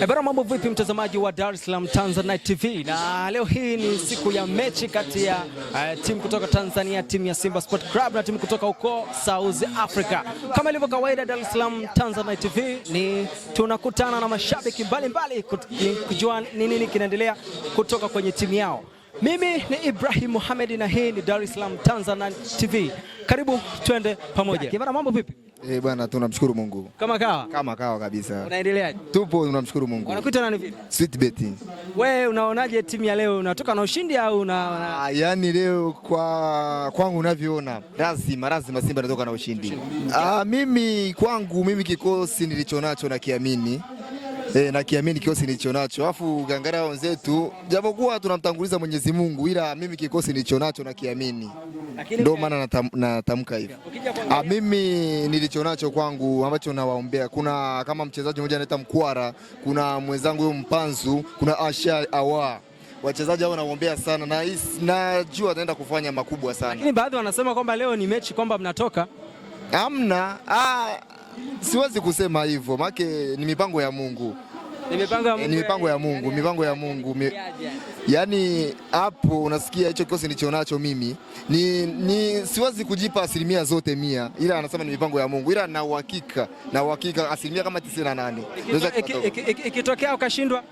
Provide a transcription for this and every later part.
Ebara, eh, mambo vipi, mtazamaji wa Dar es Salaam Tanzania TV, na leo hii ni siku ya mechi kati ya uh, timu kutoka Tanzania, timu ya Simba Sport Club na timu kutoka huko South Africa. Kama ilivyo kawaida, Dar es Salaam Tanzania TV ni tunakutana na mashabiki mbalimbali kujua ni nini kinaendelea kutoka kwenye timu yao. Mimi ni Ibrahim Mohamed na hii ni Dar es Salaam Tanzania TV. Karibu twende pamoja. Ebara, mambo vipi? Eh, bwana tunamshukuru Mungu. Kama kawa? Kama kawa kabisa. Unaendeleaje? Tupo tunamshukuru Mungu. Wanakuita nani vipi? Sweet betting. Wewe unaonaje timu ya leo unatoka na ushindi au una, una... Ah, yani leo kwa kwangu unavyoona lazima lazima Simba natoka na ushindi. Ah, mimi kwangu mimi kikosi nilichonacho na kiamini e, na kiamini kikosi nacho. Alafu Ngangara wenzetu, japokuwa tunamtanguliza Mwenyezi Mungu, ila mimi kikosi nacho na kiamini, ndio maana natamka hivi. Ah, mimi nacho kwangu ambacho nawaombea, kuna kama mchezaji mmoja anaita Mkwara, kuna mwenzangu huyo Mpanzu, kuna Asha Awa wachezaji hao nawaombea sana na najua ataenda kufanya makubwa sana, lakini baadhi wanasema kwamba leo ni mechi kwamba mnatoka. Ah, siwezi kusema hivyo, maana ni mipango ya Mungu ni mipango ya eh, Mungu, ni mipango ya Mungu, mipango ya Mungu. Yaani hapo unasikia hicho kikosi nilichonacho mimi ni, ni siwezi kujipa asilimia zote mia, ila anasema ni mipango ya Mungu, ila na uhakika na uhakika asilimia kama 98 ikitokea ukashindwa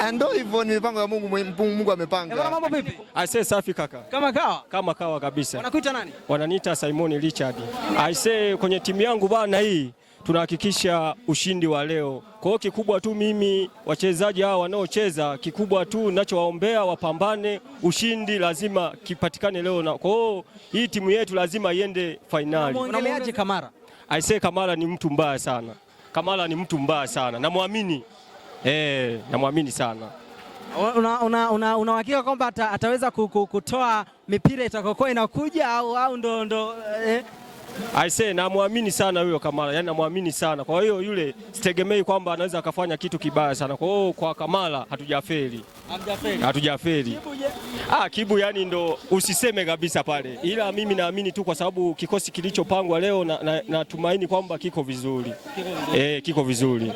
Ah, ndio hivyo ni mipango ya Mungu, Mungu amepanga. Bwana mambo vipi? Aisee safi kaka. Kama kawa? Kama kawa kabisa. Wanakuita nani? Wananiita Simon Richard. Aisee kwenye timu yangu bana hii tunahakikisha ushindi wa leo. Kwa hiyo kikubwa tu mimi wachezaji hawa wanaocheza, kikubwa tu ninachowaombea wapambane, ushindi lazima kipatikane leo na kwa hiyo hii timu yetu lazima iende fainali. Unamuongeleaje Kamara? Aisee Kamara ni mtu mbaya sana. Kamara ni mtu mbaya sana. Namwamini eh, namwamini sana. Una, una, una, unahakika kwamba ataweza kutoa mipira itakokuwa inakuja au, au ndo, ndo eh? Aise, namwamini sana huyo Kamara, yani namwamini sana. Kwa hiyo yule sitegemei kwamba anaweza akafanya kitu kibaya sana. Kwa hiyo kwa Kamara hatujafeli, hatujafeli. Ah, Kibu yani ndo usiseme kabisa pale, ila mimi naamini tu kwa sababu kikosi kilichopangwa leo natumaini na, na kwamba kiko vizuri eh, kiko vizuri.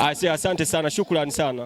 Aise, asante sana, shukrani sana.